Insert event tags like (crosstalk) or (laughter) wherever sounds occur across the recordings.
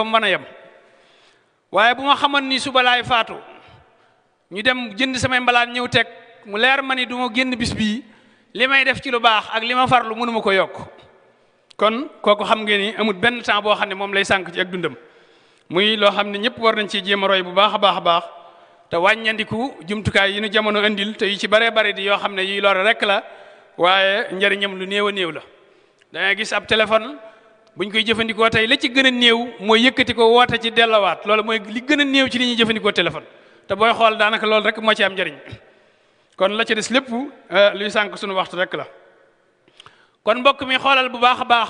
fa mën a yem waaye bu ma xamoon ni suba laay faatu ñu dem jënd samay mbalaan ñëw teg mu leer ma ni du ma génn bis bii li may def ci lu baax ak li ma farlu mënuma ko yokk kon kooku xam ngeen ni amut benn temps boo xam ne moom lay sànq ci ak dundam muy loo xam ne ñëpp war nañ ci jéem roy bu baax a baax a baax te wàññandiku jumtukaay yi nu jamono indil te yu ci bare bari di yoo xam ne yi lore rek la waaye njariñam lu néew a néew la dangay gis ab téléphone buñ koy jëfandikoo tey la ci gën a néew mooy yëkkati ko woote ci dellowaat loolu mooy li gën a néew ci li ñuy jëfandikoo téléphone te booy xool daanaka loolu rek moo ci am njariñ kon la ci des lépp euh, luy sànq suñu waxtu rek la kon mbokk mi xoolal bu baax a baax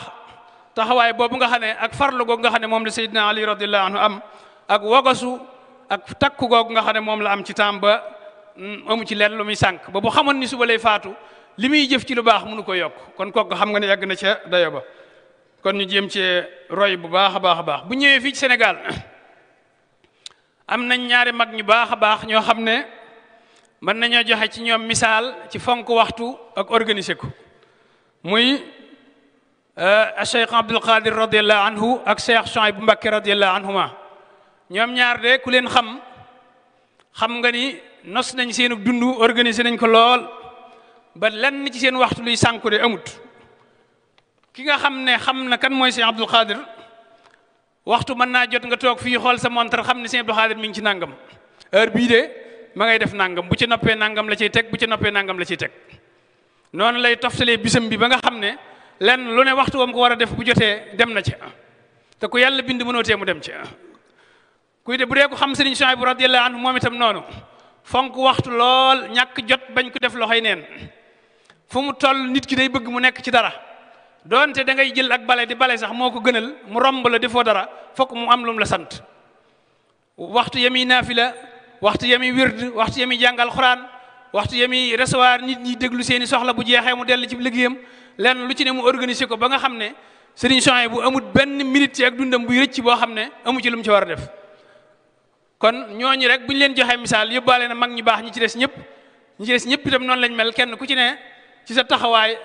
taxawaay boobu nga xam ne ak farlu googu nga xam ne moom la Seydina Ali radiyallahu anhu am ak wogasu ak takku googu nga xam ne moom la am ci temps ba mm, amu ci leen lu muy sànq ba bu xamoon ni suba lay faatu li muy jëf ci lu baax mënu ko yokk kon kooku xam nga ne yàgg na ca dayo ba kon ñu jéem cee roy bu baax a baax a baax bu ñëwee fii ci Sénégal am nañ ñaari mag ñu baax a baax ñoo xam ne mën nañoo joxe ci ñoom misaal ci fonk waxtu ak organiser ko muy euh, Cheikh Abdul Qadir radiallahu anhu ak Cheikh Chouaib bu Mbacké radiallahu anhuma ñoom ñaar de ku leen xam xam nga ni nos nañ seenu dund organiser nañ ko lool ba lenn ci seen waxtu luy sànku de amut ki nga xam ne xam na kan mooy sëñ Abdou Khadir waxtu mën naa jot nga toog fii xool sa montre xam ne sëñ Abdou Khadir mi ngi ci nangam heure bii de ma ngay def nangam bu ci noppee nangam la ciy teg bu ci noppee nangam la ciy teg noonu lay toftalee bisam bi ba nga xam ne lenn lu ne waxtu woom ko war a def bu jotee dem na ci te ku yàlla bind mënoo tee mu dem ci kuy de bu dee ko xam sëriñ Suhaybu radiyallahu anhu moom itam noonu fonk waxtu lool ñàkk jot bañ ko def loxoy neen fu mu nit ki day bëgg mu nekk ci dara doonte da ngay jël ak bale di bale sax moo ko gënal mu romb la defoo dara fokk mu am lu la sant waxtu yemi naafila waxtu yemi wird waxtu yemi jàngal xuraan waxtu yemi recevoir nit ñi déglu seeni soxla bu jeexee mu dell ci liggéeyam lenn lu ci ne mu organiser ko ba nga xam ne sëriñ Soxna bu amut benn minute ci ak dundam buy rëcc boo xam ne amu ci lu mu ci war a def kon ñooñu rek bu ñu leen joxee misaal yóbbaale na mag ñi baax ñi ci des ñëpp ñi ci des ñëpp itam noonu lañ mel kenn ku ci ne ci sa taxawaay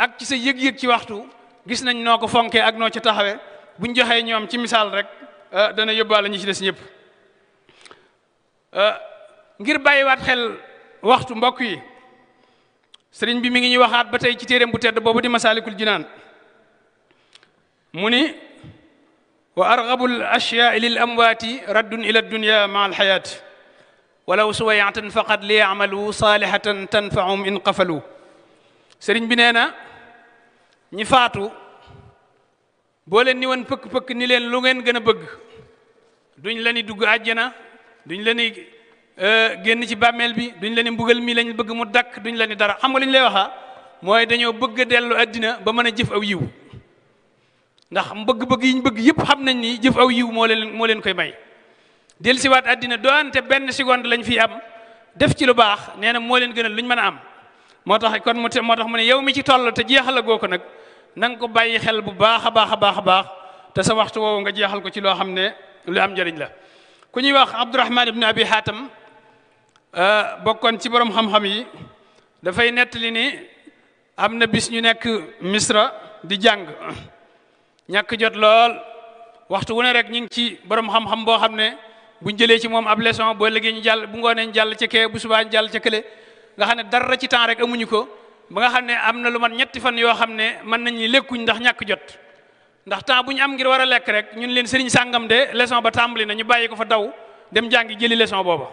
ak ci sa yëg-yëg ci waxtu gis nañ noo fonke ak noo ci taxawe buñ joxee ñoom ci misaal rek ah, dana yóbbaale ñi ci des ñëpp ah, ngir bàyyiwaat xel waxtu mbokk yi sëriñ bi mi ngi ñuy waxaat ba tey ci téeréem bu tedd boobu di masaalikul jinaan mu ni wa argabu l ashyaai lil amwaati raddun ila dunya ma alxayaat walaw suwayatan faqad li yacmalu saalihatan tanfahum in qafalu sëriñ bi nee ñi faatu boo leen ni woon pëkk-pëkk ni leen lu ngeen gën a bëgg duñ la ni dugg àjjana duñ la ni euh, génn ci bàmmeel bi duñ la ni mbugal mi lañ bëgg mu dakk duñ la ni dara xam nga lay waxa mooy dañoo bëgg dellu àddina ba mën a jëf aw yiw ndax mbëgg bëgg yi ñu bëgg yëpp xam nañ ni jëf aw yiw moo leen moo leen koy may dellusiwaat àddina doonte benn seconde lañ fi am def ci lu baax nee na moo leen gënal luñ mën a am moo tax kon moo tax mu ne yow mi ci toll te jeexal goo ko nag na ko bàyyi xel bu baax a baax a baax a baax te sa waxtu woowu nga jeexal ko ci loo xam ne lu am njëriñ la ku ñuy wax abdurahman ibn abi hatam euh, bokkoon ci borom xam-xam yi dafay nettali ni am na bis ñu nekk misra di jàng ñàkk jot lool waxtu wu ne rek ñu ngi ci borom xam-xam boo xam ne buñ jëlee ci moom ab leçon boo liggéey ñu jàll bu ngoonee ñu jàll ca kee bu subaa ñu jàll ca kële nga xam ne dara ci temps rek amuñu ko ba nga xam ne am na lu mat ñetti fan yoo xam ne mën nañu lekkuñ ndax ñàkk jot ndax temps bu ñu am ngir war a lekk rek ñun leen sëriñ sàngam de leçon ba tàmbali na ñu ko fa daw dem jàngi jëli leçon booba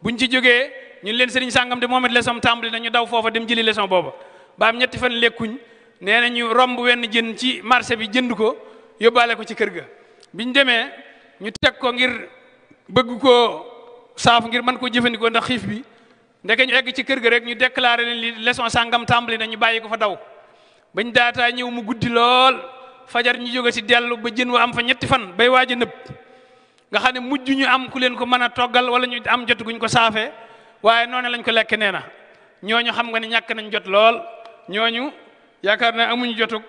buñ ci jógee ñun leen sëriñ sàngam de moom it leçon tàmbali na ñu daw foofa dem jëli leçon booba ba am ñetti fan lekkuñ nee na ñu romb wenn jën ci marché bi jënd ko yóbbaale ko ci kër ga biñ demee ñu teg ko ngir bëgg ko saaf ngir mën koo jëfandikoo ndax xiif bi ndeke ñu egg ci kër ga rek ñu déclaré leen li leçon sàngam tàmbali nañu ñu bàyyi ko fa daw bañ daataa ñëw mu guddi lool fajar ñu jóge si dellu ba jën wa am fa ñetti fan bay waaj a nëb nga xam ne mujj ñu am ku leen ko mën a toggal wala ñu am jot ko saafee waaye noone lañ ko lekk nee na ñooñu xam nga ne ñàkk nañ jot lool ñooñu yaakaar na amuñu jotug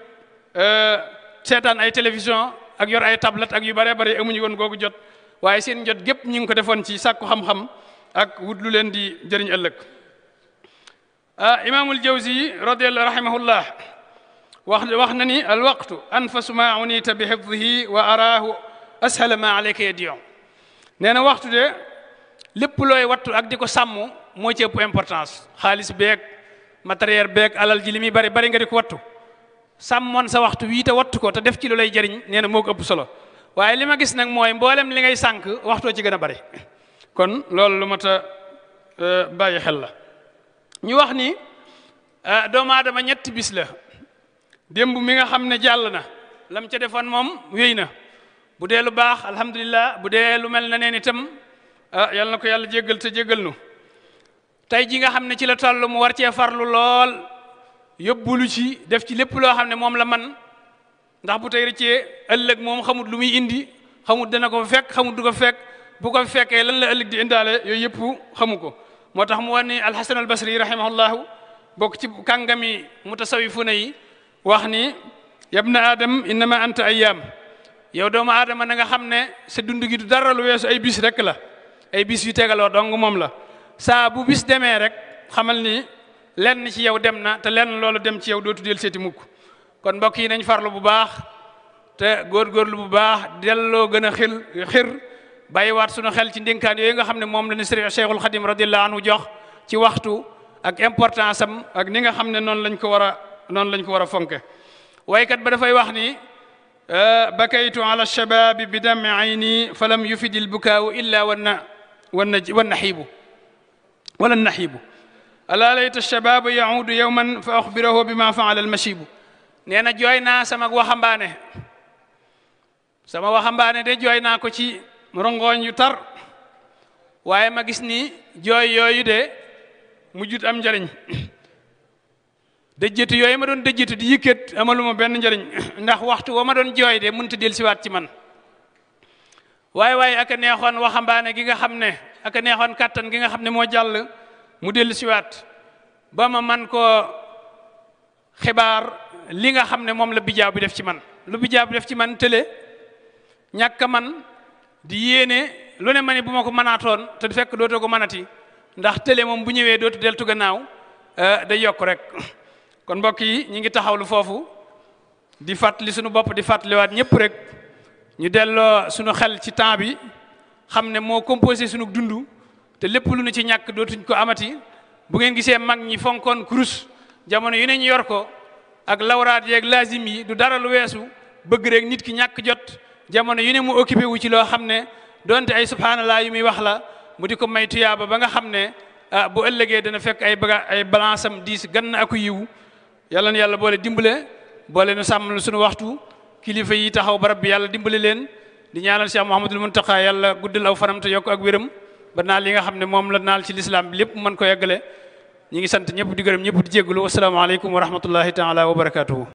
euh, seetaan ay télévision ak yor ay tablette ak yu bare bare amuñu woon googu jot waaye seen jot gépp ñu ngi ko defoon ci sàkku xam ak wut lu leen di jëriñ ëllëg ah imaamul jawzi radiyallahu rahimahullah wax wax na ni alwaqtu anfasu ma unita bi xifdihi wa araahu ashala ma alayka yadiyon nee waxtu de lépp looy wattu ak di ko sàmm mooy ci ëpp importance xaalis beeg matériel beeg alal ji li muy bari bari nga di ko wattu sàmmoon sa waxtu wii te wattu ko te def ci lu lay jëriñ nee na moo ko ëpp solo waaye li ma gis nag mooy mboolem li ngay sànk waxtoo ci gën a bari kon loolu lu mat e, bàyyi xel la ñu wax ni e, doom aadama ñetti bis la démb mi nga xam ne jàll na lam ca defoon moom wéy na bu dee lu baax alhamdulillah bu dee lu mel na neen itam e, yal na ko yàlla jéggal te jéggal nu tey ji nga xam ne ci la toll mu war cee farlu lool yóbbulu ci def ci lépp loo xam ne moom la man ndax bu tey rëccee ëllëg moom xamut lu muy indi xamut dana ko fekk xamut du ko fekk bu ko fekkee lan la ëllëg di indaale yooyu yëpp xamu ko moo tax mu wax ni alxasan albasri rahimahullahu bokk ci kàngami mutasawifuna yi wax ni yabna adam innama anta ayyaam yow doomu aadama na nga xam ne sa dund gi du dara lu weesu ay bis rek la ay bis yu tegaloo dong moom la saa bu bis demee rek xamal ni lenn ci yow dem na te lenn loolu dem ci yow dootu del seeti mukk kon mbokk yi nañ farlu bu baax te góorgóorlu bu baax delloo gën a xil xir bàyyiwaat sunu xel ci ndénkaan yooyu nga xam ne moom la ni sëriñ Cheikhul Khadim radiyallahu anhu jox ci waxtu ak important sam ak ni nga xam ne noonu lañ ko war a noonu lañ ko war a fonke waykat ba dafay wax ni ah, bakaytu ala shababi bi dami ayni falam yufidi lbukaawu illa wanna wanna wannaxiibu wala naxiibu alaa layta shababu yaudu yowman fa axbirahu bima faala almasibu nee na jooy naa sama waxambaane sama waxambaane de jooy naa ko ci rongoñ yu tar waaye ma gis ni jooy yooyu de mu mujjut am njariñ dëjjëtu yooyu ma doon dëjjëtu di yëkkat amaluma benn njariñ ndax waxtu wa ma doon jooy de mënut a siwaat ci man waaye waaye aka neexoon waxambaane gi nga xam ne aka neexoon kàttan gi nga xam ne moo jàll mu dellusiwaat ba ma man koo xibaar li nga xam ne moom la bijaaw bi def ci man lu bijaaw bi def ci man tële ñàkk man di yéene lu ne ma ne bu ma ko mënaatoon te du fekk dootoo ko mënati ndax tele moom bu ñëwee dootu deltu gannaaw euh, day yokk rek (laughs) kon mbokk yi ñu ngi lu foofu di fàttali sunu bopp di fàttaliwaat ñëpp rek ñu dello suñu xel ci temps bi xam ne moo composé suñu dund te lépp lu nu ci ñàkk dootuñ ko amati bu ngi gisee mag ñi fonkoon kurus jamono yu ne ñu yor ko ak lawraat yeeg lazim yi du dara lu weesu bëgg rek nit ki ñàkk jot jamono yu ne mu occupé wu ci loo xam ne donte ay subhanallah yu muy wax la mu di ko may tuyaaba ba nga xam ne ah, boo ëllëgee dana fekk ay baga ay balance am diis gann aku yiw yàlla na yàlla boole dimbale boole nu sàmmal suñu waxtu kilifa yi taxaw barab bi yàlla dimbale leen di ñaanal Cheikh Mouhamadul Muntaqa yàlla guddal aw fanam te yokk ak wéram ba naal li nga xam ne moom la naal ci lislaam lépp mën ko yeggale ñi ngi sant ñëpp di gërëm ñëpp di jégalu asalaamaaleykum wa rahmatullahi taala wa barakaatuhu